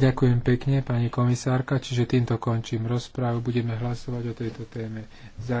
Ďakujem pekne, pani komisárka. Čiže týmto končím rozprávu. Budeme hlasovať o tejto téme.